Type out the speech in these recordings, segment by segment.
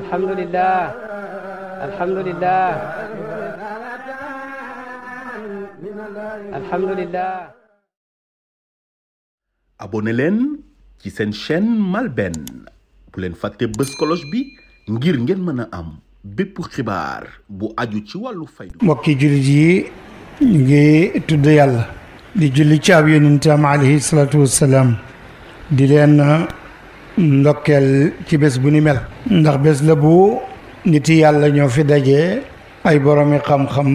alhamdulillah alhamdulillah leen ci seen chaîne MALBN bu leen fàtte bës cloche bi ngir ngeen mën a am bépp xibaar bu aju ci wàllu faydu mbokki jullit yi ñu ngi tudd yàlla di julli ci ab yonentam alayhi salaatu wassalaam di leen uh, ndokkeel ci bés bu ni mel ndax bés la bu nit yàlla ñoo fi daje ay boromi xam-xam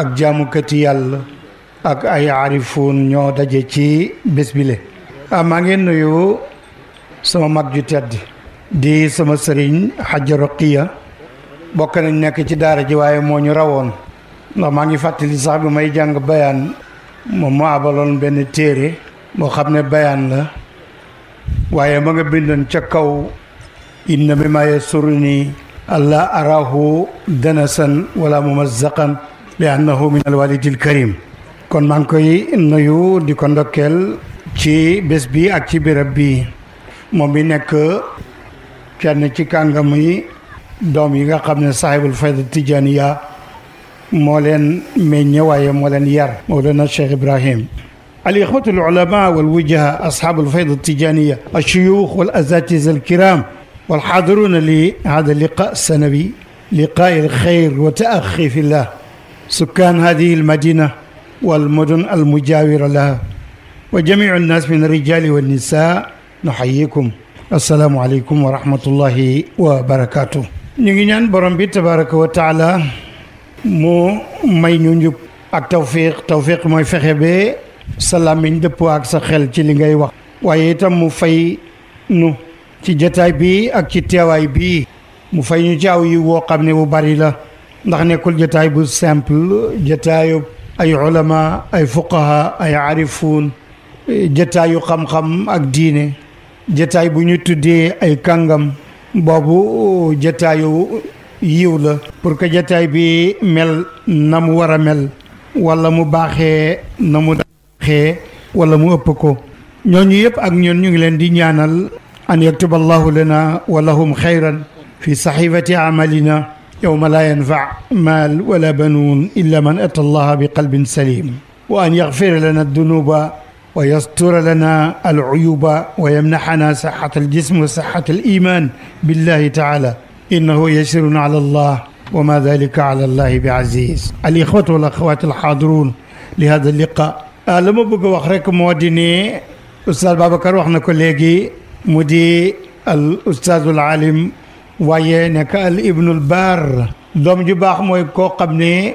ak jaamukati yàlla ak ay arifuun ñoo daje ci bés bile ah maa ngi nuyu sama mag ju tedd di sama sëriñ Hajja Roqiya bokk nañ nekk ci daara ji waaye moo ñu rawoon ndax maa ngi fàttali sax bi may jàng bayaan moom moo abaloon benn téere boo xam ne bayaan la waaye ma nga bindoon ca kaw inna bi ma yasurni allah arahu danasan wala mumazzaqan li annahu min alwalidil karim kon maa ngi koy nuyu di ko ndokkeel ci bés bi ak ci béréb bi moom bi nekk kenn ci kàngam doom yi nga xam ne sahibul fayda ya moo leen meññe waaye moo leen yar Mawlana Cheikh Ibrahim الإخوة العلماء والوجهاء أصحاب الفيض التجانية الشيوخ والأساتذة الكرام والحاضرون لهذا اللقاء السنوي لقاء الخير وتأخي في الله سكان هذه المدينة والمدن المجاورة لها وجميع الناس من الرجال والنساء نحييكم السلام عليكم ورحمة الله وبركاته ñu ngi ñaan borom bi tabaraka wa taala mu may ñu njub ak tawfiq tawfiq mooy fexe ba sa làmmiñ dëppoo ak sa xel ci li ngay wax waaye itam mu fay nu ci jataay bi ak ci teewaay bii mu fay ñu ci aw yi woo xam ne bu bari la ndax nekkul jataay bu simple jataayu ay ulama ay fuqaha ay arifuun jataayu xam-xam ak diine jataay bu ñu tuddee ay kàngam boobu jataayu yiw la pour que jataay bi mel na mu war a mel walla mu baaxee na mu xee wala mu ëpp ko ñooñu yëpp ak ñun ñu ngi leen di ñaanal an yaktuba allahu lana wa lahum xayran fi saxifati amalina yowma laa yanfa maal wala banuun illa man ata allaha bi qalbin salim wa an yaxfira lana dunuba wa yastura lana aluyuba wa yamnaxana saxat aljism wa saxat aliman billahi taala innahu yasirun ala allah wa ma dalika ala allahi bi aziz alixwat wal axwat alxaadirun li hada alliqa ah euh, la ma bëgg wax rek moo di nii oustaz Babacar wax na ko léegi mu di al oustazul alim waaye nekk al ibnul baar doom ju baax mooy koo xam ne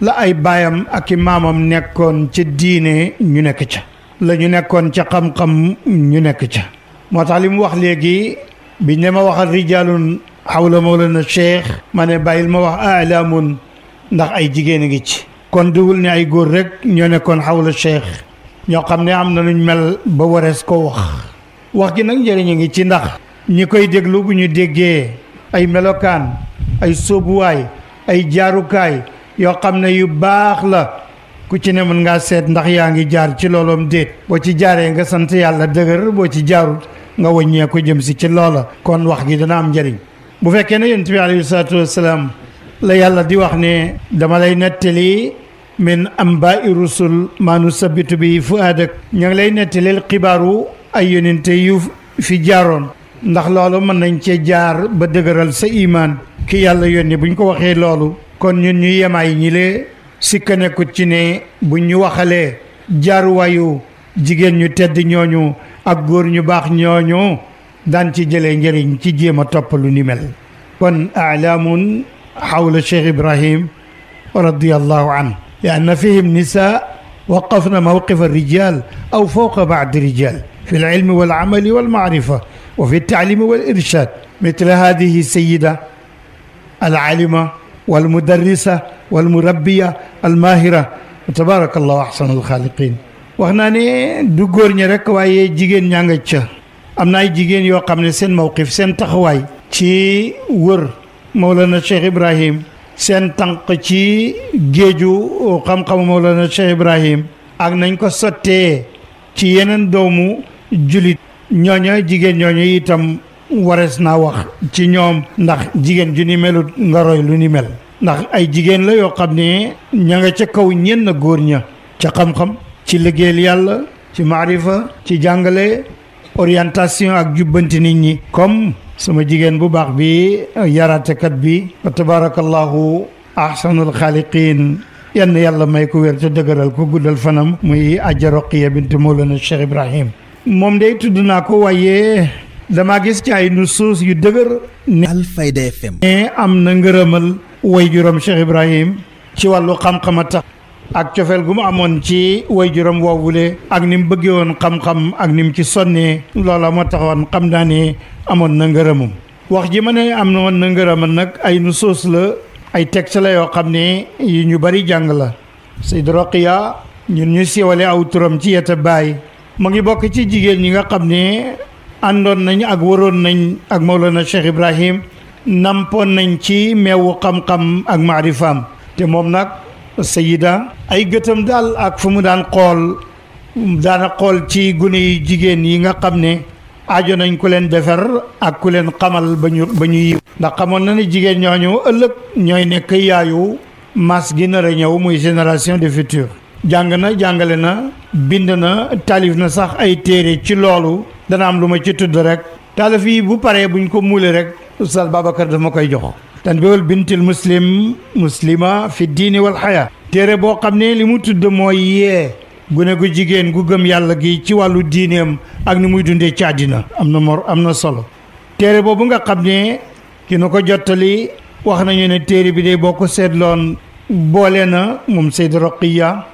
la ay baayam ak i maamam nekkoon ci diine ñu nekk ca la ñu nekkoon ca xam-xam ñu nekk ca moo tax li mu wax léegi bi ne ma waxal rijaalun xawla mawlana cheikh ma ne bàyyil ma wax alaamun ndax ay jigéen a ngi ci kon duwul ne ay góor rek ñoo nekkoon xawla cheikh ñoo xam ne am na luñ mel ba warees ko wax wax gi nag njariñ njëriñu ngi ci ndax ñi koy déglu bu ñu déggee ay melokaan ay sóobuwaay ay jaarukaay yoo xam ne yu baax la ku ci ne mën ngaa seet ndax yaa ngi jaar ci looloom déet boo ci jaaree nga sant yàlla dëgër boo ci jaarut nga wëññee ko jëm si ci loola kon wax gi dana am njëriñ bu fekkee ne yonent bi alayhi yàlla di wax ne dama lay nettali min ambai rusul maanu sabitu bi fuaadak ña ngi lay nettaleel xibaaru ay yonente yu fi jaaroon ndax loolu mën nañ cee jaar ba dëgëral sa imaan ki yàlla yónni buñ ko waxee loolu kon ñun ñu yemaay ñi lee sikka nekkut ci ne bu ñu waxalee jaaruwaayu jigéen ñu tedd ñooñu ak góor ñu baax ñooñu daan ci jëlee njëriñ ci jéem a topp lu ni mel kon xawla Cheikh Ibrahim radiyallahu an لأن فيهم نساء وقفنا موقف الرجال أو فوق بعض الرجال في العلم والعمل والمعرفة وفي التعليم والإرشاد مثل هذه السيدة العالمة والمدرسة والمربية الماهرة تبارك الله أحسن الخالقين wax naa ne du góor ñi rek waaye jigéen ñaa nga ca am na ay jigéen yoo xam ne seen mawqif seen taxawaay ci wër Mawlana Cheikh Ibrahim seen tànk ci géeju xam-xamu Mawlana Cheikh Ibrahim ak nañ ko sottee ci yeneen doomu julit ñooño jigéen ñooño itam warees naa wax ci ñoom ndax jigéen ju ni melut nga lu ni mel ndax ay jigéen la yoo xam ne ña nga ca kaw ñenn góor ña ca xam-xam ci liggéeyal yàlla ci maarifa ci jàngale orientation ak jubbanti nit ñi comme sama jigéen bu baax bi yaraatekat bi fa tabarakallahu ahsanul xaaliqiin yenn yàlla may ko wér te dëgëral ko guddal fanam muy Adja Roqiya bint Mawlana Cheikh Ibrahim moom day tudd naa ko waaye dama gis ci ay nusuus yu dëgër ne Alfayda FM ne am na ngërëmal way juróom Cheikh Ibrahim ci wàllu xam-xama tax ak cofeel gu mu amoon ci waajuram woowule ak ni mu bëggee woon xam-xam ak ni mu ci sonnee loola ma taxoon xam naa ni amoon na ngërëmam wax ji ma ne am na woon na ngërëmam nag ay nu soos la ay texte la yoo xam ne yu ñu bari jàng la Sayd Roqiya ñun ñu siwale aw turam ci yeta baay mu ngi bokk ci jigéen ñi nga xam ne àndoon nañ ak waroon nañ ak na Cheikh Ibrahim nampoon nañ ci meewu xam-xam ak maarifaam te moom nag sayida ay gëtam daal ak fu mu daan xool daana xool ci gune yi jigéen yi nga xam ne aajo nañ ku leen defar ak ku leen xamal ba ñu ba ndax xamoon na ne jigéen ñooñu ëllëg ñooy nekk yaayu mas gi nar a ñëw muy génération de futur jàng na jàngale na bind na taalif na sax ay téere ci loolu dana am lu ma ci tudd rek taalif yi bu paree buñ ko muule rek oustaz Babacar daf ma koy jox tanbihul bintil muslim muslima fi diini wal xaya téere boo xam ne li mu tudd mooy yee gune gu jigéen gu gëm yàlla gi ci wàllu diineem ak ni muy dundee ci àddina am na mor am na solo téere boobu nga xam ne ki na ko jottali wax nañu ne téere bi de boo ko seetloon boole na moom Seydi Roqiya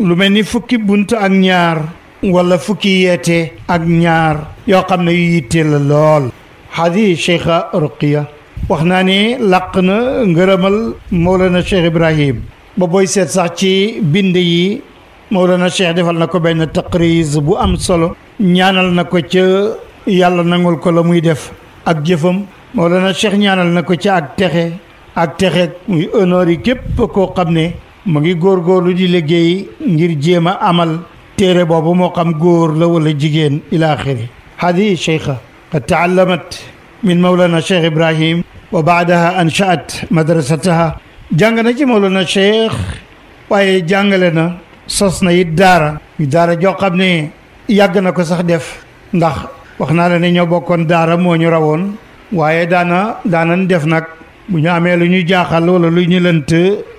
lu mel ni fukki bunt ak ñaar walla fukki yeete ak ñaar yoo xam ne yu yittee la lool hadi Cheikha Roqiya wax naa ni làq na ngërëmal Mawlana Cheikh Ibrahim ba booy seet sax ci bind yi Mawlana Cheikh defal na ko benn taqriz bu am solo ñaanal na ko ca yàlla nangul ko la muy def ak jëfam Mawlana Cheikh ñaanal na ko ca ak texe ak texe muy honneur yi képp koo xam ne mu ngi góor góorgóorlu di liggéey ngir jéem a amal téere boobu moo xam góor la walla jigéen ila axiri hadi cheikha qad taallamat min Mawlana Ibrahim wa baadaha anshaat madrasataha jàng na ci Mawlana Cheikh waaye jàngale na sos na it daara yu daara joo xam ne yàgg na ko sax def ndax wax naa la ne ñoo bokkoon daara moo ñu rawoon waaye daana daanan def nag bu ñu amee lu ñu jaaxal wala lu ñu lënt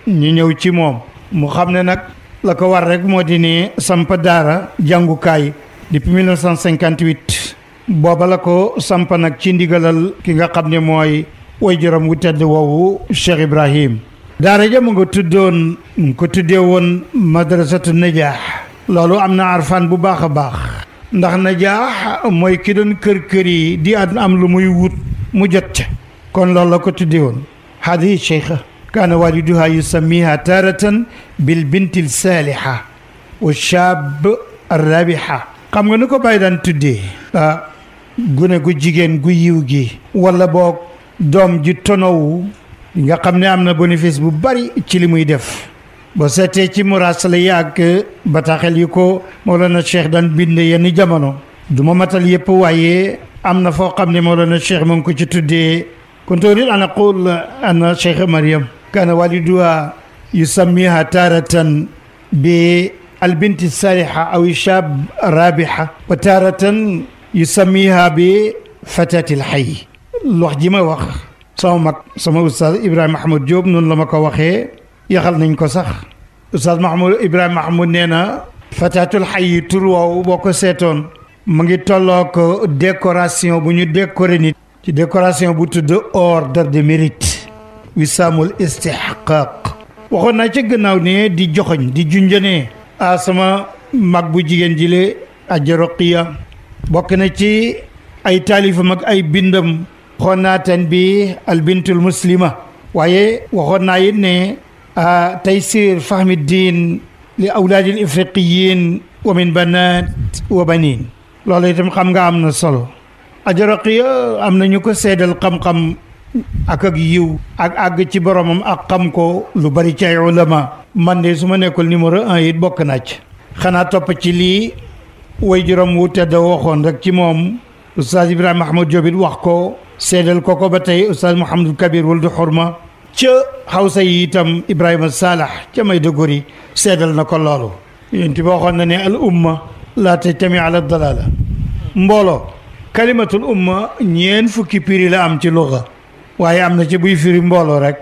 ñu ñëw ci moom mu xam ne nag la ko war rek moo di ne samp daara jàngukaay depuis 1958 booba la ko samp nag ci ndigalal ki nga xam ne mooy way juróom wu tedd woowu Cheikh Ibrahim daara ja mu nga tuddoon mu ko tuddee woon madrasatu najaax loolu am na arfaan bu baax a baax ndax najaax mooy ki doon kër kër yi di at am lu muy wut mu jot ca kon loolu la ko tuddee woon haadihi cheikha kaana waaliduha yusamiha taratan bil bintil saaliha wa shaab rabiha xam nga nu ko bàyyi daan tuddee ah, gune gu jigéen gu yiw gi walla boog doom ji tonowu nga xam ne am na bénéfice bu bari ci li muy def boo seetee ci muraasala yi ak bataaxel yi ko Mawlana Cheikh daan bind yenn jamono du ma matal yëpp waaye am na foo xam ne Mawlana Cheikh mu ngi ko ci tuddee كنت أريد أن أقول أن شيخ مريم كان والدها يسميها تارة بالبنت الصالحة أو الشاب الرابحة وتارة يسميها wax ji ma wax sama mag sama oustaz Ibrahima Mahmoud Diop noonu la ma ko waxee yaxal nañ ko sax oustaz Mahmoud Ibrahima Mahmoud nee na fataatul xay yi tur boo ko seetoon mu ngi tollook décoration bu ñu décoré nit ci bu tudd ordre de mérite wisaamul istihqaq waxoon naa ca gannaaw ne di joxoñ di junjanee a sama mag bu jigéen jile ajaroqiya bokk na ci ay taalifam ak ay bindam waxoon naa tanbih al bintul waaye waxoon naa it ne taysir fahmi diin li awlaadi l ifriqiyin wa min banaat wa baniin loolu itam xam nga am na solo ajaraqiya am na ñu ko seedal xam-xam ak ak yiw ak àgg ci boromam ak xam ko lu bari ci ay ulama man de su ma nekkul numéro un it bokk naa ci xanaa topp ci lii way juróom wu tedd waxoon rek ci moom Oustaz Ibrahima Mahmoud Diop it wax ko seedal ko ko ba tey oustaz Mouhamadul Kabir wul du ma ca xaw yi itam Ibrahima Salah ca may dogori seedal na ko loolu yonent bi waxoon na al umma laa tajtami ala dalala mbooloo kalimatul umma ñeen fukki piri la am ci luga waaye am na ca buy firi mbooloo rek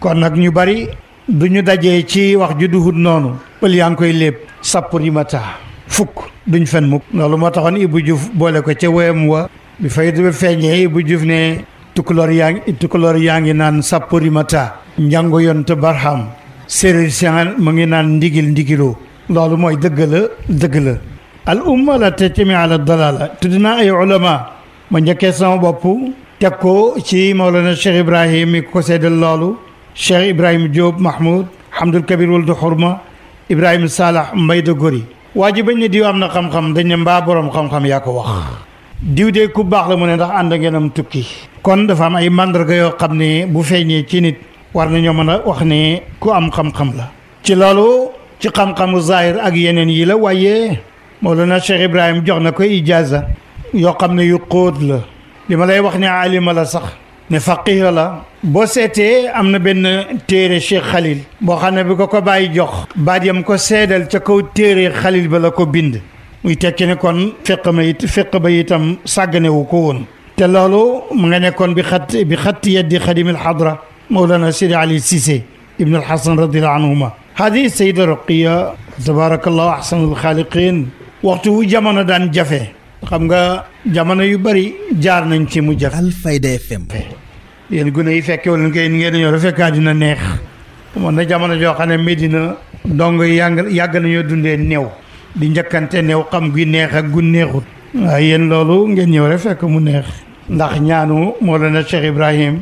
kon nag ñu bari du ñu dajee ci wax ju duhut noonu pël yaa ngi koy léeb sapp rimata fukk duñ fen mukk loolu moo taxoon Ibou Diouf boole ko ca woyam wa bi faydu bi feeñee bu juf ne tukulor yaa ngi tukulor yaa ngi naan sapporimata njàngu yonte barham séeréer si ma ngi naan ndigil ndigiloo loolu mooy dëgg la dëgg la al umma la tajtami ala dalala tudd naa ay ulama ma njëkkee sama bopp teg ko ci Mawlana Cheikh Ibrahim mi ko seedal loolu Cheikh Ibrahim Diop Mahmoud Hamdul Kabir wal du xurma Ibrahim Salah Mbaye de Gori waa ji bañ ne diw am na xam-xam dañ ne mbaa boroom xam-xam yaa ko wax diw dee ku baax la mu ne ndax ànd ngeen am tukki kon dafa am ay màndarga yoo xam ne bu feeñee ci nit war nañoo mën a wax ni ku am xam-xam la ci loolu ci xam-xamu zahir ak yeneen yii la waaye Mawlana Cheikh Ibrahim jox na koy ijaaza yoo xam ne yu xóot la li ma lay wax ne alima la sax ne faqih la boo seetee am na benn téere Cheikh Khalil boo xam ne bi ko ko bàyyi jox baat yam ko seedal ca kaw téere Khalil ba la ko bind muy tekki ne kon feq ma it feq ba itam sàgganewu ko woon te loolu mu nga nekkoon bi xat bi xat yeddi xadimil xadra mawlana sidi ali sise ibn alxasan radiallahu anhuma hadi sayda roqiya tabarakallahu ahsanul xaaliqin waxtu wu jamono daan jafe xam nga jamono yu bari jaar nañ ci mu jafe alfayda fm yéen gune yi fekke wala ngeen ngeen ñëw fekkaa dina neex man na jamono joo xam ne Medina dong yàgg yàgg nañoo dundee néew di njëkkante new xam gu neex ak gu neexut waaye yéen loolu ngeen ñëw rek fekk mu neex ndax ñaanu Mawlana Cheikh Ibrahim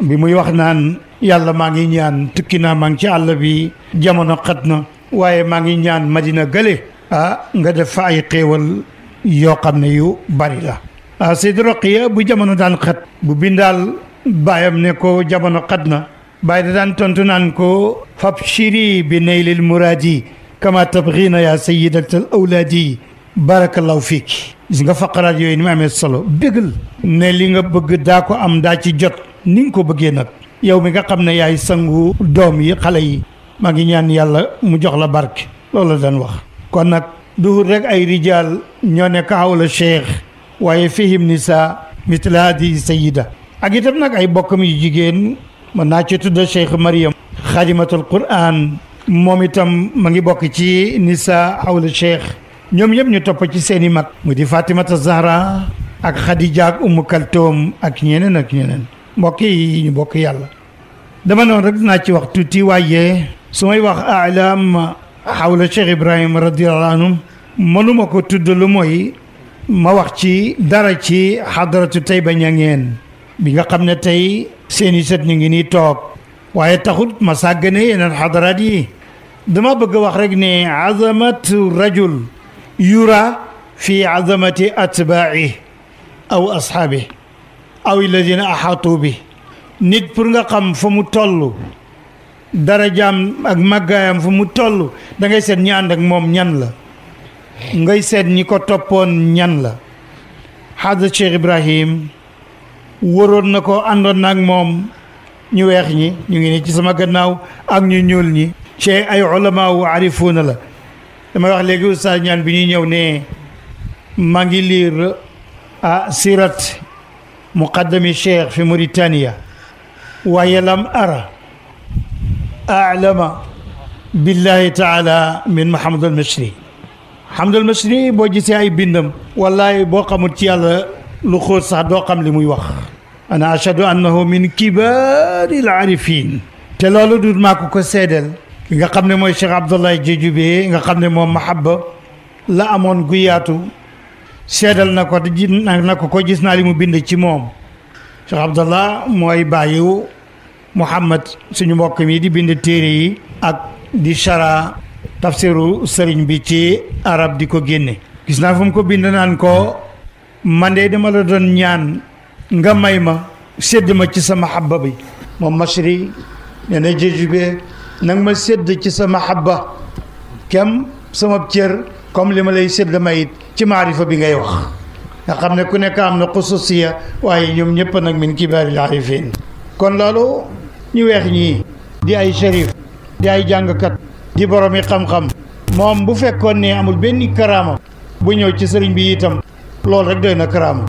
bi muy wax naan yàlla maa ngi ñaan tukki naa maa ngi ci àll bi jamono xat na waaye maa ngi ñaan Madina gële ah nga def fa ay xéewal yoo xam ne yu bari la ah Seydi Roqiya bu jamono daan xat bu bindaal baayam ne ko jamono xat na bàyyi da daan tontu naan ko fab shiri bi naylil muraadi kama tabghina yaa sayyidatal awlaadi barakallahu fiiki gis nga faqaraat yooyu ni mu amee solo bégal ne li nga bëgg daa ko am daa ci jot ni ko bëggee nag yow mi nga xam ne yaay sangu doom yi xale yi maa ngi ñaan yàlla mu jox la barke loolu la daan wax kon nag duhur rek ay rijaal ñoo nekk xawla cheikh waaye fihim nisa mithla hadi sayida ak itam nag ay bokkam yu jigéen mën naa ci tudda cheikh mariam xadimatul quran moom itam ma ngi bokk ci nissa hawla cheikh ñoom yëpp ñu topp ci seen i mag mu di fatimata zahra ak xadija ak umu kaltoom ak ñeneen ak ñeneen mbokk yi ñu bokk yàlla dama noon rek dinaa ci wax tuuti waaye su may wax alam hawla cheikh ibrahim radiallahu anhu mënuma ko tudd lu mooy ma wax ci dara ci tey xadaratu Tayba Ñangeen bi nga xam ne tey seeni sët ñu ngi nii toog waaye taxul ma sàggane yeneen xadaraat yi dama bëgg wax rek ne azamatu rajul yura fi azamati atbaa'i aw ashaabi aw alladina axaatu bi nit pour nga xam fa mu toll darajaam ak màggaayam fa mu tollu dangay ngay seet ñi ànd ak moom ñan la ngay seet ñi ko toppoon ñan la xaada Cheikh Ibrahim waroon na ko àndoon na ak moom ñu weex ñi ñu ngi ne ci sama gannaaw ak ñu ñuul ñi ci ay ulama wu arifuuna la damay wax léegi oustaz ñaan bi ñuy ñëw ne maa ngi lire a ah, sirat muqaddami cheikh fi Mauritania waaye lam ara alama billahi taala min Mahamad al Mashri Mahamad al Mashri boo gisee ay bindam wallahi boo xamul ci yàlla lu xóot sax doo xam li muy wax ana achadu annahu min kibaari al arifin te loolu du maa ko ko seedeel nga xam ne mooy Cheikh Abdoulaye bi nga xam ne moom ma mahabba la amoon guyaatu yaatu na ko di na ko ko gis naa li mu bind ci moom Cheikh Abdallah mooy bàyyiwu mu Muhammad suñu mbokk yi di bind téere yi ak di chara tafsiru sëriñ bi ci arab di ko génne gis naa fu mu ko bind naan ko man de dama doon ñaan nga may ma sedd ma ci sa mahabba bi moom mashri nee na Diédhioubi nang ma sédd ci sa mahabba kem sama cër comme li ma lay sédd may it ci maarifa bi ngay wax nga xam ne ku nekk am na xususiya waaye ñoom ñëpp nag min kibaaril aarifin kon loolu ñu weex ñii di ay shérif di ay jàngkat di boromi xam-xam moom bu fekkoon ne amul benn karaama bu ñëw ci sëriñ bi itam loolu rek doy na karaama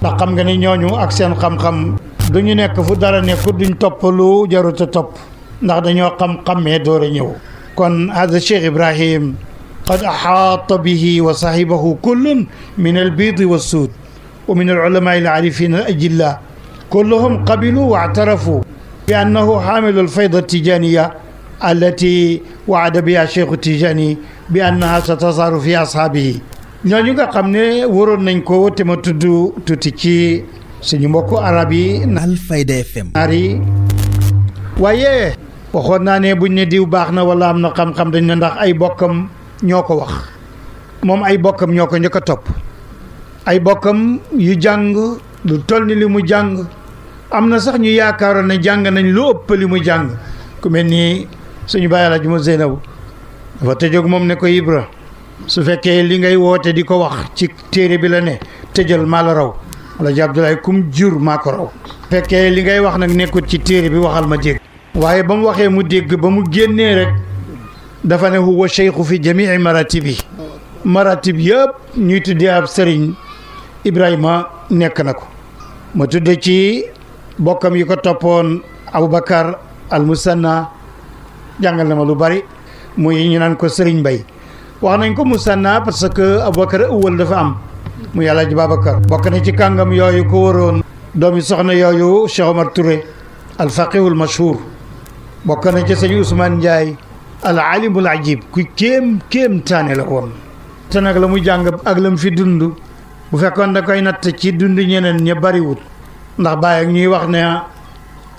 ndax xam nga ni ñooñu ak seen xam-xam du ñu nekk fu dara nekkul duñ topp lu jarut a topp ndax dañoo xam-xammee door a ñëw kon hada cheikh ibrahim qad axaata bihi wa sahibahu kullun min albiidi wa suud wa min alulama alarifin alajilla kulluhum qabilu wa actarafu bi annahu xaamilu alfayda altijaniya allati waada biha cheikhu tijani bi annaha satasaaru fi ashaabihi ñooñu nga xam ne waroon nañ ko te ma tudd tuuti ci suñu mbokku arab yi alfayda fm ari waaye waxoon naa ne buñ ne diw baax na wala am na xam-xam dañ ne ndax ay bokkam ñoo ko wax moom ay bokkam ñoo ko njëkk a topp ay bokkam yu jàng lu toll ni li mu jàng am na sax ñu yaakaaroon ne jàng nañ lu ëpp li mu jàng ku mel ni suñu bàyyi la ju ma Zeynabu dafa tëjoog moom ne ko Ibra su fekkee li ngay woote di ko wax ci téere bi la ne tëjal maa la raw wala ji Abdoulaye kum jur maa ko raw fekkee li ngay wax nag nekkut ci téere bi waxal ma jégg waaye ba mu waxee mu dégg ba mu génnee rek dafa ne huwa cheikhu fi jamii maratibi maratib yëpp ñuy tuddee ab sëriñ Ibrahima nekk na ko ma tudde ci bokkam yi ko toppoon Aboubacar al Musanna jàngal na ma lu bari muy ñu naan ko sëriñ Bay wax nañ ko Musanna parce que Aboubacar ëwwal dafa am muy El Hadj Babacar bokk na ci kàngam yooyu ko waroon doomi soxna yooyu Cheikh Omar Touré al faqihul mashhur bokk na ci sëñ Ousmane Ndiaye al alimul ajib ku kéem kéem taane la woon te nag la mu jàng ak la mu fi dund bu fekkoon da koy natt ci dund ñeneen ña bariwut ndax bàyyi ñuy wax ne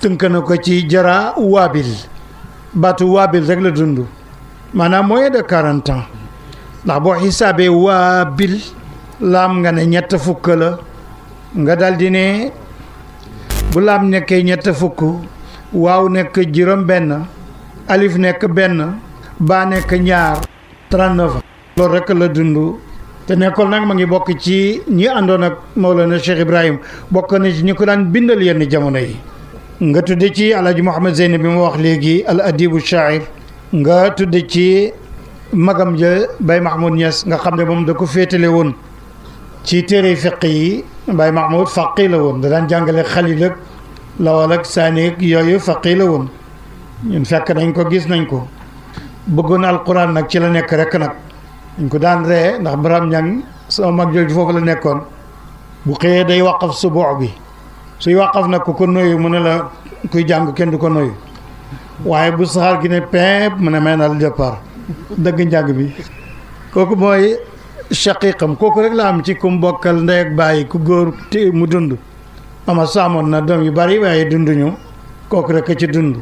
tënk na ko ci jara waabil baatu waabil rek la dund maanaam moyen de quarante ndax boo xisaabee waabil laam nga ne ñett fukk la nga daldi ne bu laam nekkee ñett fukk waaw nekk juróom benn alif nekk benn baa nekk ñaar 39 loolu rek la dund te nekkoon nag ma ngi bokk ci ñi àndoon ak na Cheikh Ibrahim bokk na ci ñu ko daan bindal yenn jamono yi nga tudde ci alhaji Mouhamed Zeyni bi mu wax léegi al adibu shair nga tudde ci magam ja Baye Mahmoud Niass nga xam ne moom da ko féetale woon ci téere feq yi bay Mahmoud faqi la woon da daan jàngale xalil ak lawal ak saanieg yooyu faqi la woon ñun fekk nañ ko gis nañ ko bëggoon alquran nag ci la nekk rek nag dañ ko daan ree ndax baram njàng sama mag jooju foofu la nekkoon bu xëyee day waqaf suboox bi suy waqaf nag ku ko noyu mu ne la kuy jàng kenn du ko noyu waaye bu saxaar gi ne pep mu ne may na la départ dëgg njàng bi kooku mooy shaqiqam kooku rek la am ci ku mbokkal ndey ak bàyyi ku góor te mu dund a saamoon na doom yu bari waaye dunduñu kooku rek ci dund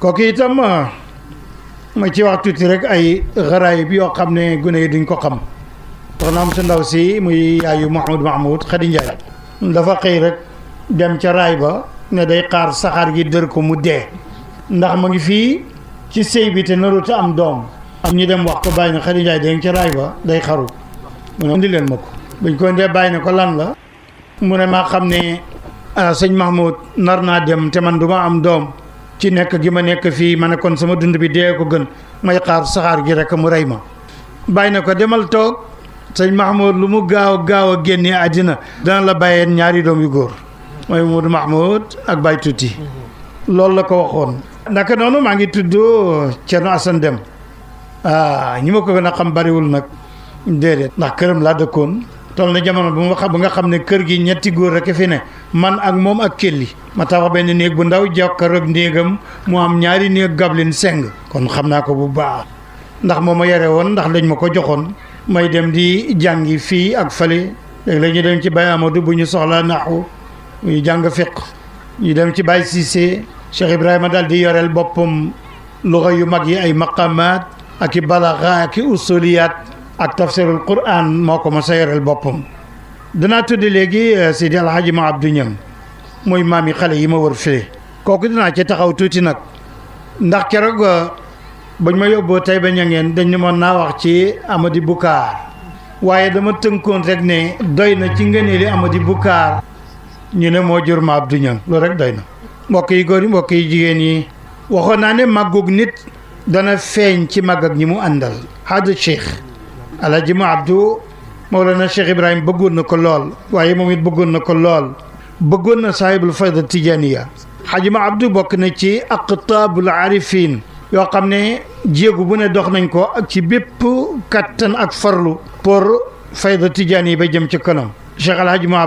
kooku itam ah, ma ci wax tuuti rek ay xaraayib yoo xam ne gune yi duñ ko xam soxna am su ndaw si muy yaayu Mahmoud Mahmoud Khady dafa xëy rek dem ca raay ba ne day xaar saxaar gi dër ko mu dee ndax ma fii ci sëy bi te naruta doom ñu dem wax ko bàyyi na Khady day xaru mu ne indi leen ma ko buñ ko indee bàyyi ko lan la mu ne maa xam ne ah, sëñ Mahmoud nar naa dem te man du ma am doom ci nekk gi ma nekk fii ma ne kon sama dund bi dee ko gën may xaar saxaar gi rek mu rey ma bàyyi na ko demal toog sëñ Mahmoud lu mu gaaw gaaw a génne àddina dana la bàyyeen ñaari doom yu góor mooy Modou Mahmoud ak Baye Tuuti loolu la ko waxoon naka noonu maa ngi tudd Thierno Assane Deme ah ñi ma ko gën a xam bariwul nag déedéet ndax këram laa dëkkoon toll na jamono bu mu wax nga xam ne kër gi ñetti góor rek fi ne man ak moom ak kelli ma tabax benn néeg bu ndaw jokka ak néegam mu am ñaari néeg gablin seng kon xam naa ko bu baax ndax moo ma yore woon ndax lañ ma ko joxoon may dem di jàngi fii ak fële léegi la dem ci Baye Amadou bu ñu soxlaa naaxu ñu jàng fiq ñu dem ci Baye Cissé Cheikh Ibrahima daal di yoreel boppam luxa yu mag yi ay maqamaat aki i balaxa ak ak tafsirul quran moo ko ma a boppam danaa tudd léegi eh, Seydi El Hadji ma Abdou Niang mooy maam yi xale yi ma wër fii kooku dinaa ci taxaw tuuti nag ndax keroog eh, bañ ma yóbboo tey ba ñangeen dañ ne ma naa wax ci Amady Boucar waaye dama tënkoon rek ne doy na ci ngëneeli Amady Boucar ñu ne moo jur ma Abdou Niang loolu rek doy na mbokk yi góor yi mbokk yi jigéen yi waxoon naa ne màggug nit dana feeñ ci màgg ñi mu àndal hada cheikh alaaji ma abdu Mawlana Cheikh Ibrahim bëggoon na ko lool waaye moom it bëggoon na ko lool bëggoon na saahibul fayda tijaniya xaaji ma abdu bokk na ci ak aqtaabul arifin yoo xam ne jéegu bu ne dox nañ ko ak ci bépp kattan ak farlu pour fayda tijaniya ba jëm ci kanam Cheikh alaaji ma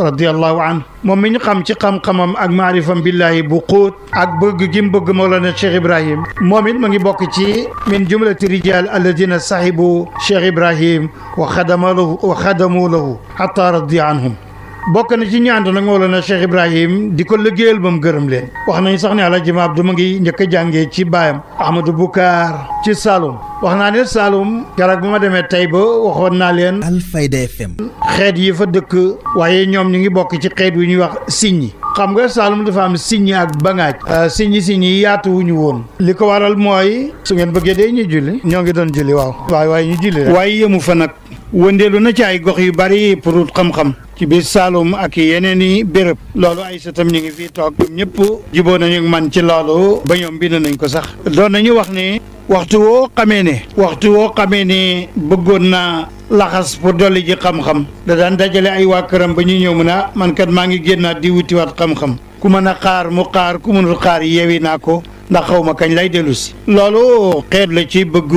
radiallahu anhu moom mi ñu xam ci xam-xamam ak maarifam billahi bu xóot ak bëgg gi mu bëgg Mawlana Cheikh Ibrahim moom it ma ngi bokk ci min jumlati rijal alladina sahibu Cheikh Ibrahim wa xadamu lahu wa xadamu lahu xata radiya anhum bokk na ci ñaanta nag Mawlana Cheikh Ibrahim di ko liggéeyal ba mu gërëm leen wax nañu sax ni Alaaji Ma Abdu ma ngi njëkk a jàngee ci baayam Ahmadou Boucar ci Saloum wax naa ne Saloum keroog bu ma demee ba waxoon naa leen Alfayda FM xeet yi fa dëkk waaye ñoom ñu ngi bokk ci xeet wi ñuy wax signi xam nga Saloum dafa am signi ak bangaaj signi euh, signi yi yaatu wuñu woon li ko waral mooy su ngeen bëggee day ñu julli ñoo ngi doon julli waaw waaye waaye ñu julli waaye yëmu fa nag wëndeelu na ci ay gox yu bari pour xam ci biir Saloum ak yeneen i béréb loolu ay sa tam ñu ngi fi toog ñoom ñëpp nañu man ci loolu ba ñoom bind nañ ko sax doon nañu wax ne waxtu woo xamee ne waxtu woo xamee ne bëggoon naa laxas pour dolli ji xam-xam da daan dajale ay waa këram ba ñuy ñëw mu a ah man kat maa ngi génnaat di wutiwaat xam-xam ku mën a xaar mu xaar ku mënul xaar yewi naa ko ndax xaw ma kañ lay dellusi si loolu xeet la ci bëgg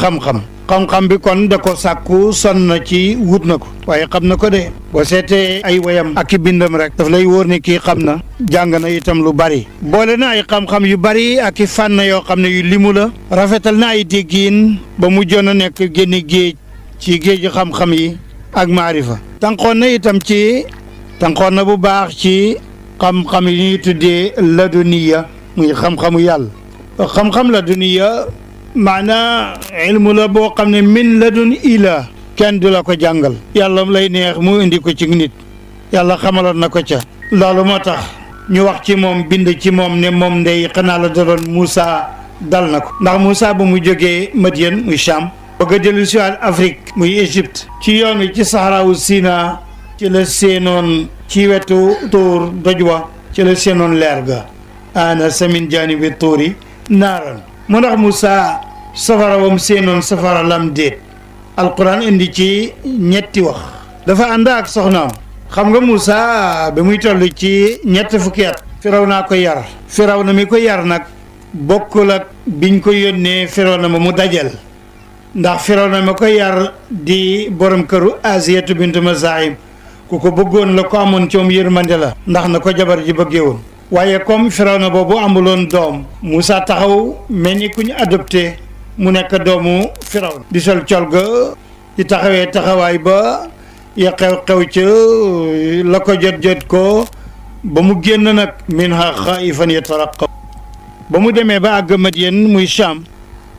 xam-xam xam bi kon da ko sàkku sonn na ci wut na ko waaye xam na ko de boo seetee ay wayam ak i bindam rek daf lay wóor ne ki xam na jàng na itam lu bari boole na ay xam-xam yu bari ak i fànn yoo xam ne yu limu la rafetal na ay déggiin ba mu joon a nekk génn géej ci géeju xam-xam yi ak maarifa tànqoon na itam ci tànqoon na bu baax ci xam-xam yi ñuy tuddee laduniya muy xam-xamu yàlla xam-xam la duniya mana ilmu la boo xam ne min la dun ilaa kenn du la ko jàngal yàlla lay neex mu indi ko ci nit yàlla xamaloon na ko ca loolu moo tax ñu wax ci moom bind ci moom ne moom ndey xanaa la daloon Moussa dal na ko ndax Moussa ba mu jógee Madian muy Cham bëgg a dellu si waat muy Égypte ci yoon wi ci saxaraawu Sina ci la séenoon ci wetu Tóor doj wa ci la séenoon leer ga anasa min janibi tuuri naaran mu ndax Moussa safara wam seenoon safara lam déet alquran indi ci ñetti wax dafa ànd ak soxnaam xam nga Moussa bi muy toll ci ñett fukki at firaw naa ko yar firaw na mi ko yar nag bokkul ak biñ ko yónnee firaw na ma mu dajal ndax firaw na ma ko yar di borom këru Asiyatu bintu Mazaahim ku ko bëggoon la ko amoon ci coom yërmande la ndax na ko jabar ji bëggee woon waaye comme Firawna boobu amuloon doom Moussa taxaw mel ni ku ñu adopté mu nekk doomu Firawna di sol col ga di taxawee taxawaay ba ya xew-xew ca la ko jot jot ko ba mu génn nag min ha xaifan ba mu demee ba àgg Madyan muy Cham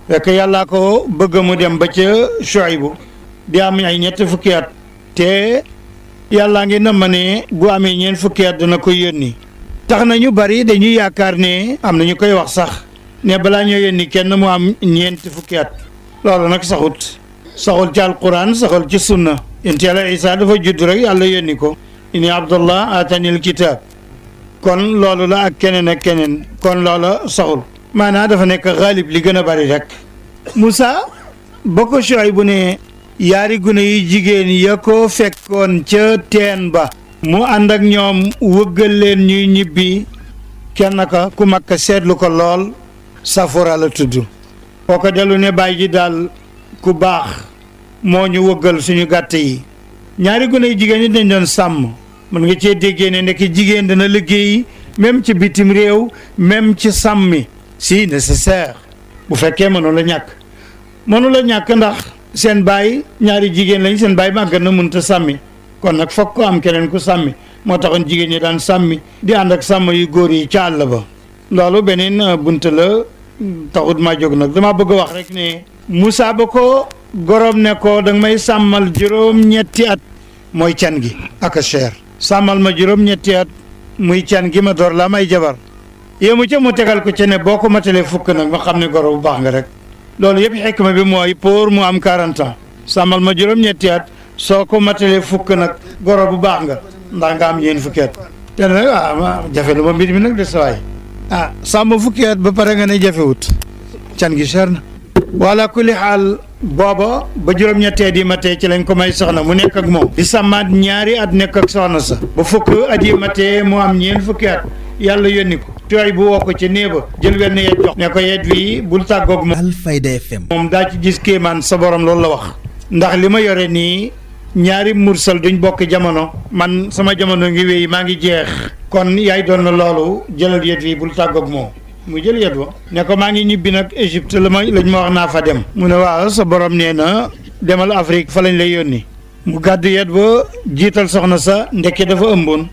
fekk yàllaa ko bëgg mu dem ba ca Shuaybu di am ay ñetti fukki at te yàllaa ngi na ma ne bu amee ñeent fukki at dana ko yónni tax na ñu bari dañuy yaakaar ne am na ñu koy wax sax ne balaa ñoo yónni kenn mu am ñeenti fukki at loolu nag saxut saxul ci alquran saxul ci sunna yonent yàlla Isaa dafa judd rek yàlla yónni ko inni abdullah atanil kitab kon loolu la ak keneen ak keneen kon loola saxul maanaa dafa nekk xaalib li gën a bari rek Moussa ba ko Shuayb bu ne yaari gune yu jigéen ya ko fekkoon ca teen ba mu ànd ak ñoom wëggal leen ñuy ñibbi kenn ka ku mag ka seetlu ko lool safora la tudd kooko dellu ne baay ji daal ku baax moo ñu wëggal suñu gàtt yi ñaari gune yu jigéen ñi dañ doon sàmm mën nga cee déggee ne nekk jigéen dana liggéey même ci bitim réew même ci sàmmi si nécessaire bu fekkee mënu la ñàkk mënu la ñàkk ndax seen baay ñaari jigéen lañ seen baay màgg na mënta sàmmi kon nag foog am keneen ku sàmmi moo taxoon jigéen ñi daan sàmmi di ànd ak sàmm yu góor yi ca àll ba loolu beneen euh, bunt la taxut maa jóg nag dama bëgg wax rek ne Moussa ba ko gorom ne ko danga may sàmmal juróom-ñetti at mooy can gi ak cher sàmmal ma juróom-ñetti at muy can gi ma door laa may jabar yéemu ca mu tegal ko ci ne boo ko matalee fukk nag ma xam ne goro bu baax nga rek loolu yëpp xikma bi mooy pour mu am 40 ans sàmmal ma juróom-ñetti at soo ko matalee fukk nag goro bu baax nga ndax nga am yéen fukki at te nag ah jafe lu ma mbir mi nag de sawaay ah sàmm fukki at ba pare nga ne jafewut can gi cher na wala kulli xaal booba ba juróom-ñettee di matee ci lañ ko may soxna mu nekk ak moom di sàmmaat ñaari at nekk ak soxna sa ba fukk at yi mu am ñeen fukki at yàlla yónni ko tooy bu woo ci néeba jël wenn yet jox ne ko yet wi bul tàggoog moom Alfayda daa ci gis kéemaan sa borom loolu la wax ndax ñaari mursal duñ bokk jamono man sama jamono ngi wéy maa ngi jeex kon yaay doon na loolu jëlal yet wi bul tàggoog moom mu jël yet wa ne ko maa ngi ñibbi nag Égypte la ma lañ ma wax naa fa dem mu ne waaw sa borom nee na demal Afrique fa lañ lay yónni mu gàdd yet ba jiital soxna sa ndekke dafa ëmboon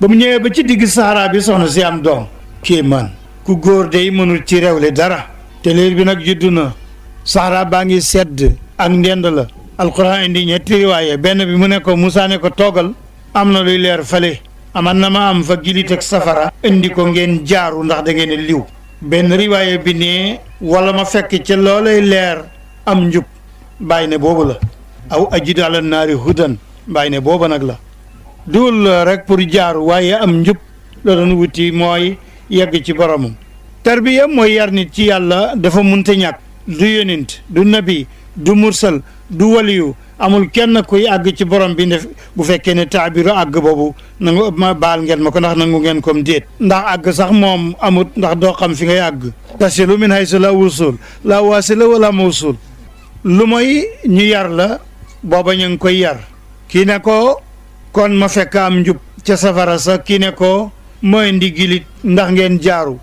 ba mu ñëwee ba ci digg Sahara bi soxna si am doom kii man ku góor day mënul ci réewle dara te léer bi nag juddu na Sahara baa ngi sedd ak ndend la alquran indi ñetti riwaaye benn bi mu ne ko Moussa ne ko toogal am na luy leer fale aman na ma am fa gilit ak safara indi ko ngeen jaaru ndax da ngeen liw benn riwaaye bi ne walla ma fekk ca loolay leer am njub bay ne boobu la aw ajid ala naari hudan bàyyi ne booba nag la duwul rek pour jaaru waaye am njub la doon wuti mooy yegg ci boromam tarbiya mooy yar nit ci yàlla dafa munte ñàkk du yonent du nabi du mursal du waliyu amul kenn kuy àgg ci borom bi ndef bu fekkee ne taabiru àgg boobu nangu ma baal ngeen ma ko ndax nangu ngeen kom déet ndax àgg sax moom amut ndax doo xam fi ngay àgg tasilu lu haysu la wusul la wasila wala mawsul lu mooy ñu yar la booba ñu ngi koy yar kii ne ko kon ma fekk am njub ca safara sax kii ne ko mooy ndigilit ndax ngeen jaaru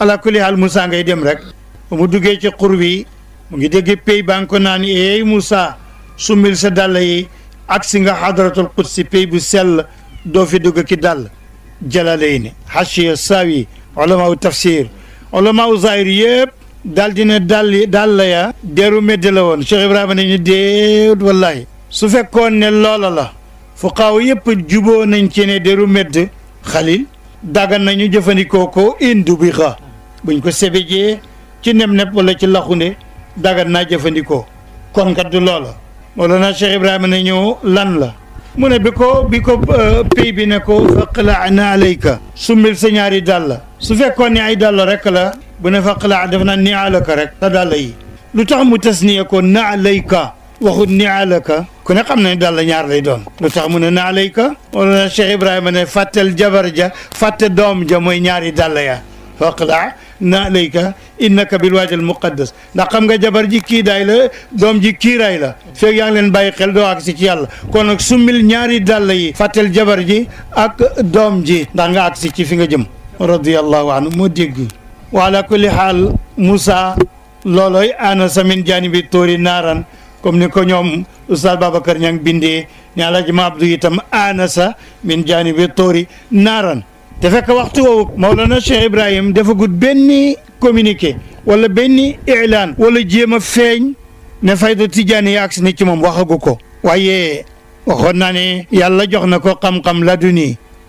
ala kulli haal Musaa ngay dem rek mu duggee ci xur mu ngi dégg pay ba nga ko naan eey Moussa summil sa dàll yi ak si nga xadratul qudsi pay bu sell doo fi dugg ki dàll Jalaalayni Xashiya Saawi ulamaaw tafsir ulamaaw zahir yëpp daal dina dàll dàll ya deru médd la woon Cheikh Ibrahima ne ñu déet wallahi su fekkoon ne loola la xaw yëpp juboo nañ ci ne deru médd xalil daggan nañu jëfandikoo ko indu bi xa buñ ko sebejee ci nem-neb wala ci laxunde dagat naa jëfandikoo kon kat du loola Mawlana naa Ibrahima ne ñëw lan la mu ne bi ko bi ko euh, pay bi ne ko faqla na alayka summil sa ñaari dàll su fekkoon ne ay dàll rek la bu ne faqla def na nialaka rek sa dàll yi lu tax mu ni ko na alayka waxut nialaka ku ne xam ne dàll ñaar lay doon lu tax mu ne na alayka Mawlana Cheikh Ibrahima ne fàttel jabar ja fàtte doom ja mooy ñaari dàll ya faqla na alayka innaka bil waajal muqaddas ndax xam nga jabar ji kii la doom ji kiiraay la feeg yaa leen bàyyi xel doo ak si ci yàlla kon nag summil ñaari dàll yi fàttel jabar ji ak doom ji ndax ak si ci fi nga jëm radiallahu anhu moo dégg wa ala kulli xaal Moussa loolooy ana samin jaanibi tóori naaran comme ni ko ñoom oustaz Babacar ña ngi bindee ne ji ma abdou itam anasa min jaanibi tóori naaran te fekk waxtu woowu Maolana Cheikh Ibrahim defagut benn communiqué wala benn ilaan wala jéem a feeñ ne fayda tijaani ya agsi na ci moom waxagu ko waaye waxoon naa ne yàlla jox na ko xam-xam la du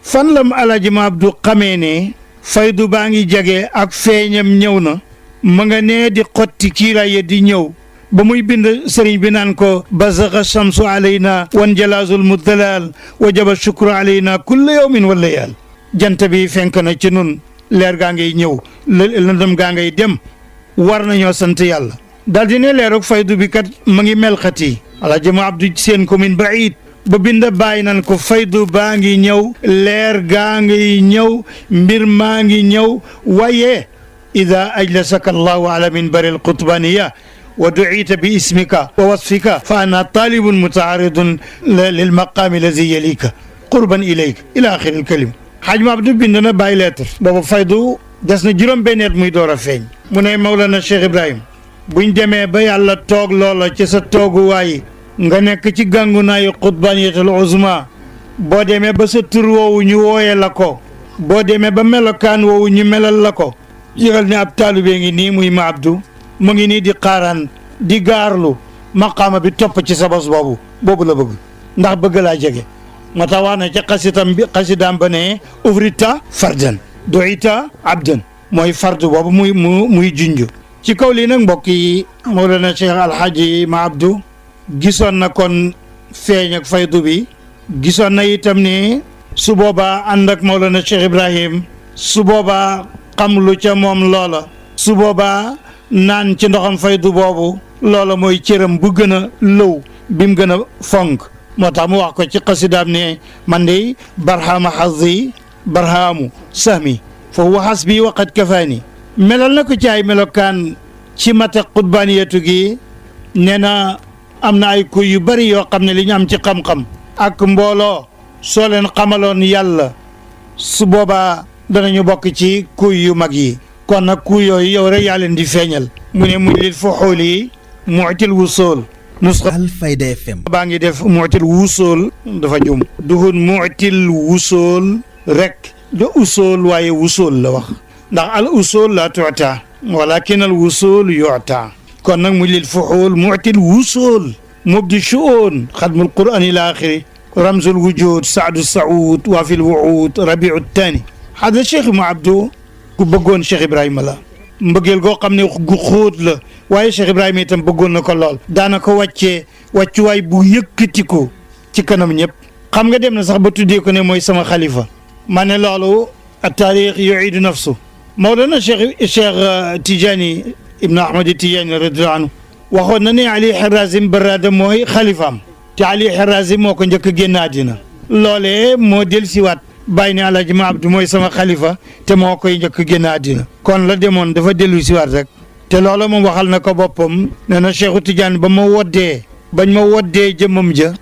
fan lam alaji ma abdu xamee ne faydu baa ngi jege ak feeñam ñëw na ma nga nee di xotti kiiraaya di ñëw ba muy bind sëriñ bi naan ko bazaxa shamsu alayna wan jalaazul mudalal wajaba shukru alayna kulla yawmin wa layal jant bi fenk na ci nun leer gaa ñëw lëndëm dem war nañoo sant yàlla daal di ne leerug faydu bi kat mu ngi melxat yi alaaji ma abdu seen commune ba it ba bind bàyyi nan ko faydu baa ngi ñëw leer gaa ngi ñëw mbir maa ngi ñëw waaye ida ajlasaka allahu ala min baril qutbaniya wa duciita bi wa wasfika fa ana taalibun mutaaridun lil maqaami lazi yalika qurban ilayk ila axiri xaaj ma Abdou bind na bàyyi lettre boobu faydu des na juróom benneet muy door a feeñ mu ne Mawlana Cheikh Ibrahim buñ demee ba yàlla toog loola ci sa tooguwaay nga nekk ci gàngunaayu xutbaniyatul uzma boo demee ba sa tur woowu ñu wooyee la ko boo demee ba melokaan woowu ñu melal la ko yëgal ne ab taalibee ngi nii muy ma Abdou mu ngi nii di xaaraan di gaarlu maqaama bi topp ci sa bos boobu boobu la bëgg ndax bëgg laa jege moo tax wax na ca xasitam bi xasidaam ba ne uvrita fardan doyita abdan mooy fardu boobu muy mu muy junj ci kaw lii nag mbokk yi Mawlana Cheikh Alhaji Ma Abdou gisoon na kon feeñ ak faydu bi gisoon na itam ni su boobaa ànd ak Mawlana Cheikh Ibrahim su boobaa xam lu ca moom loola su boobaa naan ci ndoxam faydu boobu loolo mooy cëram bu gën a lëw bi mu gën a fonk moo tax mu wax ko ci xasidaam ne man de barhama xazzi barhaamu sahmi fa huwa hasbi wa qad kafaani melal na ko ci ay melokaan ci mate xutbaaniyatu gi nee na am na ay kuy yu bari yoo xam ne li ñu am ci xam-xam ak mbooloo soo leen xamaloon yàlla su boobaa ñu bokk ci kuy yu mag yi kon nag kuy yooyu yow rek yaa leen di feeñal mu ne muy lil fuxuul yi mutil wusool nusxa Alfayda FM. baa ngi def muctil wusool dafa jum. duhun muctil wusool rek. da usool waaye wusool la wax. ndax al usool la tuuta. walakin al wusool yuuta. kon nag mu lil fuxuul muctil wusool. mubdi shuun xadmul quran ila axiri. ramzul wujud saadu saud waafil wuud rabiu tani. hada cheikh mu abdu ku bëggoon cheikh Ibrahima la. mbëggeel goo xam ne gu xóot la waaye Cheikh Ibrahima itam bëggoon na ko lool daana ko wàccee wàccuwaay bu yëkkatiku ci kanam ñëpp xam nga dem na sax ba tuddee ko ne mooy sama xalifa ma ne loolu taarix yuidu nafsu Maodo na Cheikh Cheikh uh, Tidiane Ibn Ahmad Tidiane radiyallahu anhu waxoon na ne Ali Harazim Barada mooy xalifaam ti Ali Harazim moo ko njëkk a génn àddina loole moo dellusiwaat bàyyi ne alaaji ma abdu mooy sama xalifa te moo koy njëkk génn àddina kon la demoon dafa dellu si rek te loolo moom waxal na ko boppam nee na Cheikhu Tidiane ba ma woddee bañ ma woddee jëmmam ja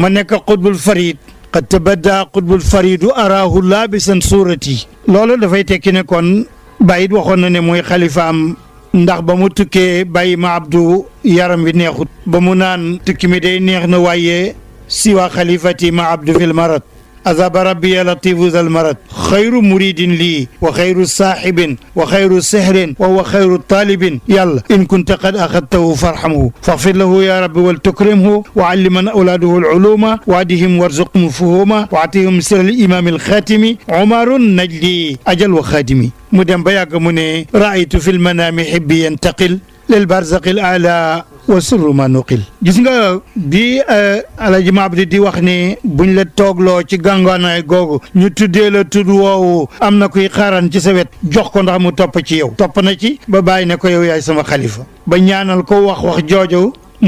ma nekk xutbul farid qad tabadda xutbul faridu araahu laabisan suurati loola dafay tekki ne kon bàyyi waxoon na ne mooy xalifaam ndax ba mu tukkee bàyyi ma abdu yaram wi neexut ba mu naan tukki mi day neex na waaye siwa xalifati ma abdu fil azaba rabbi ya latifu zal marad xayru muridin lii wa xayru saaxibin wa xayru sihrin wa huwa xayru taalibin yàlla in kunta qad axadtahu farhamhu faxfir lahu ya rabbi wal tukrimhu wa alliman awlaadahu alculuuma wa adihim warzuqhum fuhuma wa atihim sir al imaam al xaatimi umarun najli ajal wa xaadimi mu dem ba yàgg mu ne raaytu fi lmanaami xibbi yantaqil lil barzaqi al aala wa sirru ma nuqil gis nga bi eh, alaji Mabdi di wax ni buñ la toogloo ci gàngaanaay googu ñu tuddee la tudd woowu am na kuy xaran ci sa wet jox ko ndax mu topp ci yow topp na ci ba bàyyi ne ko yow yaay sama xalifa ba ñaanal ko wax wax jooju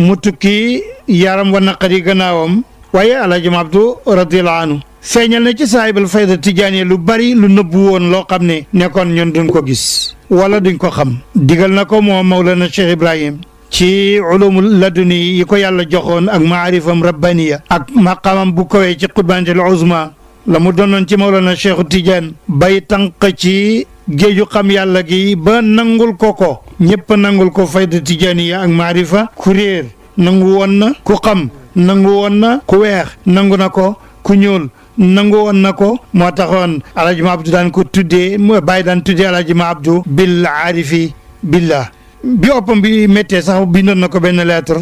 mu tukki yaram wa naqari gannaawam waaye alaji Mabdu radiyallahu feeñal na ci saahibal fayda tijaani lu bari lu nëbbu woon loo xam ne nekkoon ñun duñ ko gis wala duñ ko xam digal na ko moom Mawlana Cheikh Ibrahim ci ulumul laduni yi ko yàlla joxoon ak maarifam rabbaniya ak maqamam bu kowee ci qurbaanil uzma la mu doonoon ci a Cheikhu Tidiane bay tànq ci géeju xam yàlla gi ba nangul ko ko ñëpp nangul ko fayda tijaaniya ak maarifa ku réer nangu woon na ku xam nangu woon na ku weex nangu na ko ku ñuul nangu woon na ko moo taxoon alaaji ma abdu daan ko tuddee bàyyi daan tuddee alaaji ma abdu bil aarifi billah bi oppam bi méttee sax bindoon na ko benn lettre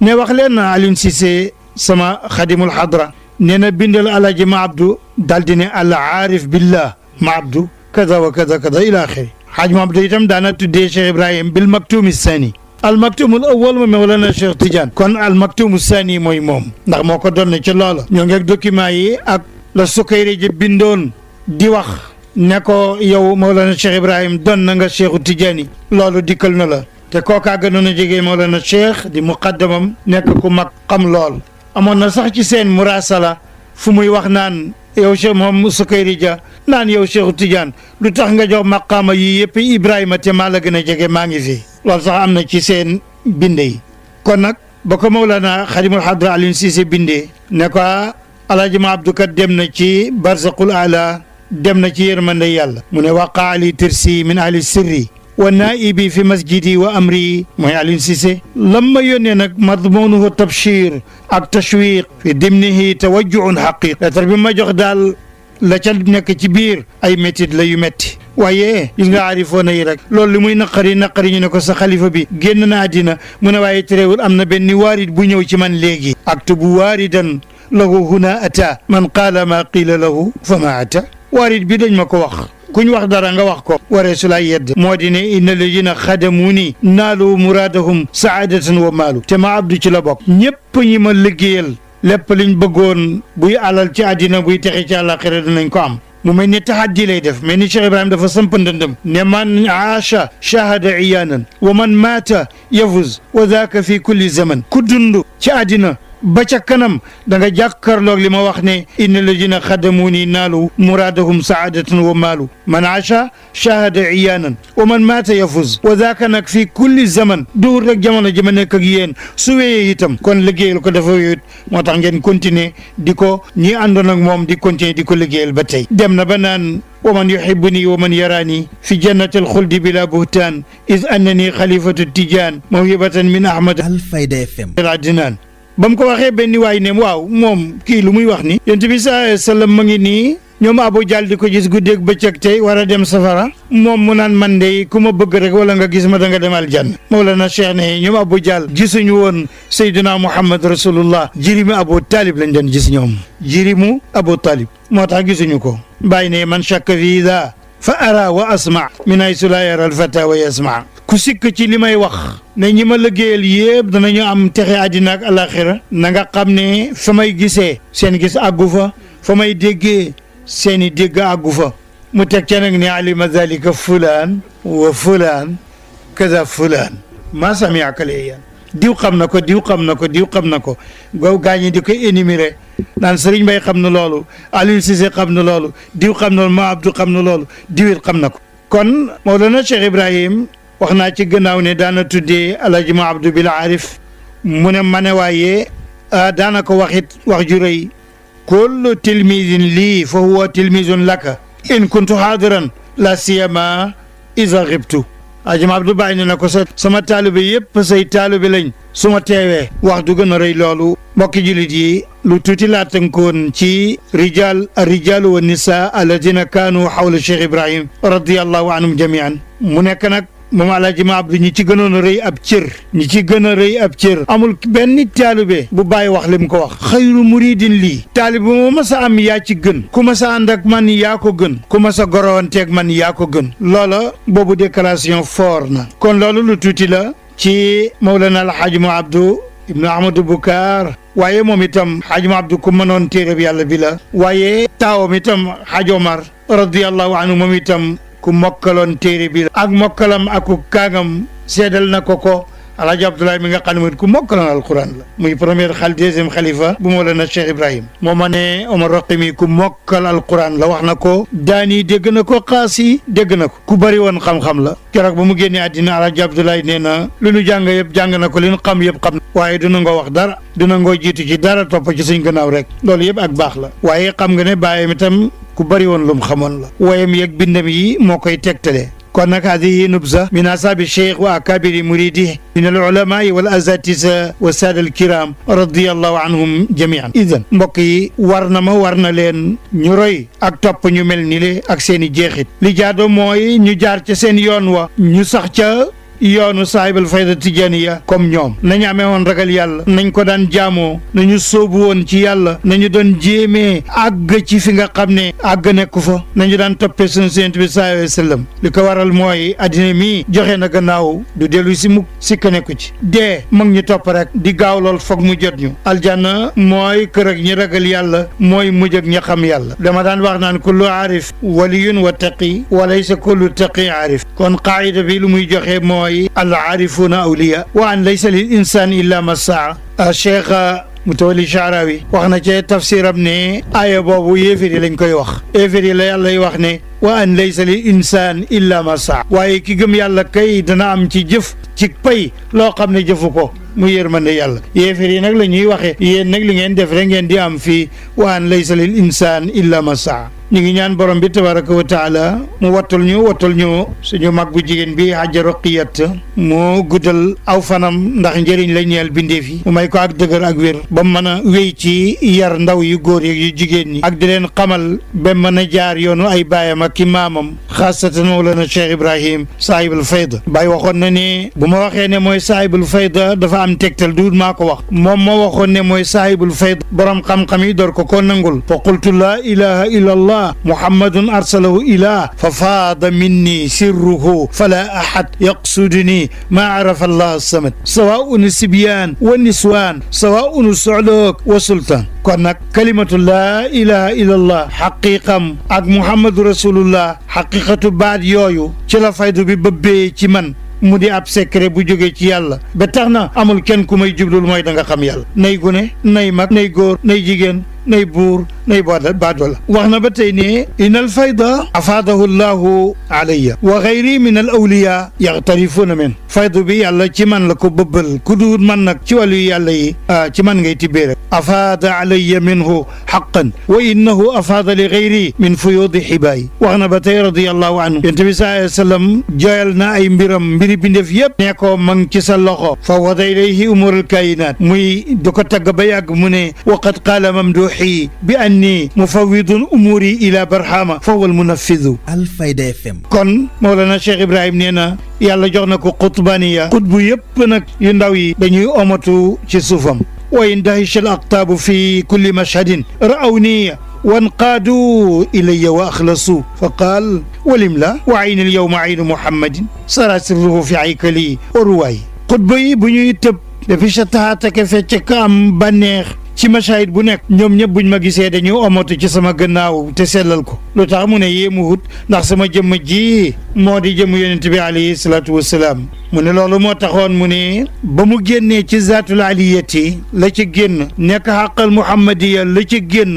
ne wax leen na Alioune Cissé sama xadimul xadra nee na bindal alaji ma abdou daal di ne al aarif billah ma abdou kaza wa kaza kaza ila axiri xaaj ma itam daana tuddee Cheikh Ibrahim bil maktuumi sani al maktuumul awal ma mawlana Cheikh Tidiane kon al maktuumu sani mooy moom ndax moo ko doon ne ci loola ñoo ngeeg document yi ak la Sukayri ji bindoon di wax ne ko yow Mawlana Cheikh Ibrahim doon na nga Cheikhu Tidiane loolu dikkal na la te kookaa gënoon a jege Mawlana Cheikh di muqaddamam nekk ku mag xam lool amoon na sax ci seen murasala fu muy wax naan yow Cheikh moom Sukayri Dia naan yow Cheikhu Tidiane lu tax nga jox maqaama yii yëpp Ibrahima te maa la gën a jege maa ngi fi loolu sax am na ci seen binde kon nag ba ko Mawlana Xadimul Xadra Alioune Cissé bindee ne ko Alaaji Ma Abdou kat dem na ci barzaqul dem na ci yërmande yàlla mu ne waqaali tirsi min ahli sirri wa naaibi fi masjidi wa amri mooy Alioune Cissé lam ma yónnee nag madmunuhu tabshir ak tashwiq fi dimnihi tawajjuun xaqiq lettre bi ma jox daal la ca nekk ci biir ay métit la yu métti waaye gis nga aarifoona yi rek loolu li muy naqari naqari ñu ne ko sa xalifa bi génn na àddina mu ne waaye terewul am na benn waarid bu ñëw ci man léegi aktubu waaridan lahu huna ata man qaala maa qiila lahu fa ma ata waarit bi dañ ma ko wax kuñ wax dara nga wax ko waree su laay yedd moo di ne inna ladina xadamu ni naalu muraadahum saadatan wa maalu te ma abdu ci la bokk ñépp ñi ma liggéeyal lépp liñ bëggoon buy alal ci àddina buy texe ci àllaaxira dinañ ko am mu mel ni taxaddi lay def mel ni Cheikh Ibrahima dafa samp ndëndëm ne man aasha shahada iyaanan wa man maata yafuz wa daaka fi kulli zaman ku dund ci àddina ba ca kanam da nga jàkkaarloog li ma wax ne inna alladina xadamuuni naalu muraadahum saadatan wa maalu man acha chahada iyaanan wa man maata yafuz wa daaka nag fii kulli zaman duur rek jamono ji ma nekk ak yéen su wéyee itam kon liggéeyal ko dafa wéyut moo tax ngeen continuer di ko ñi àndoon ak moom di continuer di ko liggéeyal ba tey dem na ba naan waman yuhibuni waman yarani fi jannati alxuldi bila buhtaan is annani xalifatu tijaan mawhibatan min ahmad alfayda fm adinaan ba mu ko waxee benn waay ne waaw moom kii lu muy wax ni yonent bi saa eh, sallam ma ngi nii ñoom Abu Jahl di ko gis ba bëccëg tey war a dem safara moom mu naan man de ku ma bëgg rek wala nga gis ma da nga dem aljanna Mawlana Cheikh ne ñoom Abu Jahl gisuñu woon Seydina Muhammad rasulullah jirimu Abu taalib lañ doon gis ñoom jirimu Abu Talib moo tax gisuñu ko bàyyi ne man chakka fi ida fa ara wa asma min ay su yara alfata wa yasma ku sikk ci li may wax ne ñi ma liggéeyal yépp danañu am texe àddina ak alaxira na nga xam ne fa may gisee seen gis àggu fa fa may déggee seeni dégg àggu fa mu teg ca nag ne alima zalika fulaan wa fulaan kaza fulaan maa samiakale yan diw xam na ko diw xam na ko diw xam na ko gaw gaañi di koy énuméré naan Serigne bay xam na loolu Aliou xam na loolu diw xam na ma Abdou xam na loolu diwit xam na ko kon Mawlana Cheikh Ibrahim wax naa ci gannaaw ne daana tuddee alhaji ma abdou bil arif mu ne ma ne waaye daana ko waxit wax ju rëy kullu tilmisin lii fa huwa tilmisun laka in kuntu xaadiran la siyama isa xibtu alhaji ma abdou bàyyi ne na ko sa sama taalibe yëpp say taalibe lañ su ma teewee wax du gën a rëy loolu mbokki jullit yi lu tuuti laa tënkoon ci rijal rijalu wa nisa alladina kaanu xawla cheikh ibrahim radiallahu anhum jamian mu nekk nag moom alaaji ma abdu ñi ci gënoon a rëy ab cër ñi ci gën a rëy ab cër amul benn taalibe bu bàyyi wax li mu ko wax xayru muridin lii taalibe moo ma sa am yaa ci gën ku ma sa ànd ak man yaa ko gën ku ma sa gorowanteeg man yaa ko gën loola boobu déclaration fort na kon loolu lu tuuti la ci Mawlana alxaaji ma abdu ibnu ahmadou bukaar waaye moom itam xaaj ma abdu ku mënoon téereb yàlla bi la waaye taawam itam xaaj omar radiallahu anhu moom itam ku mokkaloon téere bi ak mokkalam aku kaangam seedal na ko ko alaaji Abdoulaye mi nga xam ne mooy ku mokkalan alquran la muy premier xal deuxième xalifa bu Mawlana Cheikh Ibrahim moo ma ne Omar Roqi mi ku mokkal alquran la wax na ko daani dégg na ko xaas yi dégg na ko ku bari woon xam-xam la keroog ba mu génnee àddina alaaji Abdoulaye nee na lu nu jàng yëpp jàng na ko li nu xam yëpp xam waaye dina ngoo wax dara dina ngoo jiitu ci dara topp ci suñ gannaaw rek loolu yëpp ak baax la waaye xam nga ne bàyyam itam ku bëri woon lu mu xamoon la wayam yeeg bindam yi moo koy tegtale kon nag hadihi nubza min asaabi cheikh wa akabiri muridi min al ulamai wal asatisa wa saada al kiram radiallahu anhum jamian idan mbokk yi war na ma war na leen ñu roy ak topp ñu mel ni le ak seen i jeexit li jaado mooy ñu jaar ca seen yoon wa ñu sax ca yoonu saahibal fayda tijaniya comme ñoom nañu amee woon ragal yàlla nañ ko daan jaamoo nañu sóobu woon ci yàlla nañu doon jéemee àgg ci fi nga xam ne àgg nekku fa nañu daan toppee sunu Yonent bi sallallaahu alayhi li ko waral mooy àddina mi joxe na gannaaw du dellu si mukk sikk nekku ci dee mag ñu topp rek di gaaw lool foog mu jot ñu aljanna mooy kër ak ñi ragal yàlla mooy mujj ak ña xam yàlla dama daan wax naan kullu aarif waliyun wa taqi wa laysa kullu taqi aarif kon mooy al aarifuuna awliya wa an laysa lil insaani illa ma saa cheikh Mutawalli Sha'rawi wax na ci tafsiram ne aaya boobu yéefar yi lañ koy wax yéefar yi la yàlla lay wax ne wa an laysa lil insaan illa ma saa waaye ki gëm yàlla kay dana am ci jëf ci pay loo xam ne jëfu ko mu yërmande yàlla yéefar yi nag la ñuy waxee yéen nag li ngeen def rek ngeen di am fii wa an laysa lil insaan illa ma saa ñu ngi ñaan borom bi tabaraka wa taala mu wattul ñu wattul ñu suñu mag bu jigéen bi Hajja Roqiyat moo guddal aw fanam ndax njëriñ la ñeel bindeef yi mu may ko ak dëgër ak wér ba mën a wéy ci yar ndaw yu góor yeeg jigéen ñi ak di leen xamal be mën a jaar yoonu ay baayam ak i maamam xaasatan mawlana Cheikh Ibrahim saahibul fayda Baye waxoon na ne bu ma waxee ne mooy saahibul fayda dafa am tegtal du maa ko wax moom moo waxoon ne mooy saahibul fayda borom xam yi door ko ko nangul عنها محمد أرسله إله ففاض مني سره فلا أحد يقصدني ما عرف الله الصمد سواء الصبيان والنسوان سواء الصعلوك وسلطان kon nag kalimatu laa ilaha illallah xaqiqam ak muhammadu rasulullah xaqiqatu baat yooyu ci la faydu bi bëbbee ci man mu di ab secret bu jógee ci yàlla ba tax na amul kenn ku may jublul mooy da nga xam yàlla nay gune nay mag nay góor nay jigéen nay buur nay baadoola wax na ba tey ne in al fayda afaadahu llahu alayya wa gayri min al awliya yaxtarifuuna min faydu bi yàlla ci man la ko bëbbal ku duut man nag ci wàllu yàlla yi ah, ci man ngay tibbee rek afaada alayya minhu xaqan wa innahu afaada li gayri min fuyuudi xibaayi wax na ba tey radiallahu anhu yonent bi saa sallam joyal na ay mbiram mbiri bindef yëpp nee ko ma ngi ci sa loxo fa wada ilayhi umural kaayinaat muy du ko tagg ba yàgg mu ne waqad qaala mamduux ruuxi bi anni mufawwidun umuuri ila barhama fa huwa almunafidu alfayda fm kon Mawlana Cheikh Ibrahim nee na yàlla jox na ko qutbaniya qutbu yëpp nag yu ndaw yi dañuy omatu ci suufam wa indahish al aqtaabu fi kulli mashhadin ra'awniya wanqaadu ilayya wa axlasu fa qaal walim la wa ayni al yawma aynu muhammadin sara sirruhu fi aykali wa ruwaay xutba yi bu ñuy tëb dafi sa taxaatake fecc ka am bànneex ci masaayit bu nekk ñoom ñëpp buñ ma gisee dañu omatu ci sama gannaaw te sellal ko lu tax mu ne yéemu wut ndax sama jëmm ji moo di jëmm yonent bi alayhi salaatu wasalaam mu ne loolu moo taxoon mu ne ba mu génnee ci zaatul aliyati la ci génn nekk xàqal muhammadiya la ci génn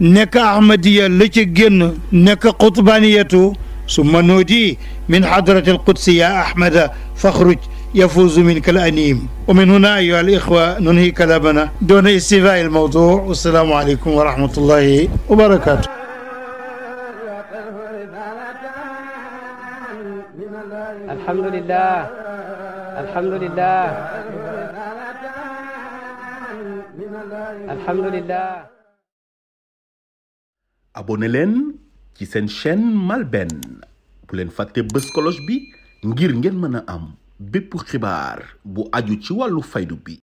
nekk ahmadiya la ci génn nekk qutbaniyatu su ma noo di min xadratil qudsiya ahmada faxruj يفوز منك الأنيم ومن هنا أيها الإخوة ننهي كلامنا دون استيفاء الموضوع والسلام عليكم ورحمة الله وبركاته الحمد لله الحمد لله الحمد لله abonné leen ci seen chaîne MALBN bu leen fàtte bës cloche bi ngir ngeen mën a am bépp xibaar bu aju ci wàllu faydu bi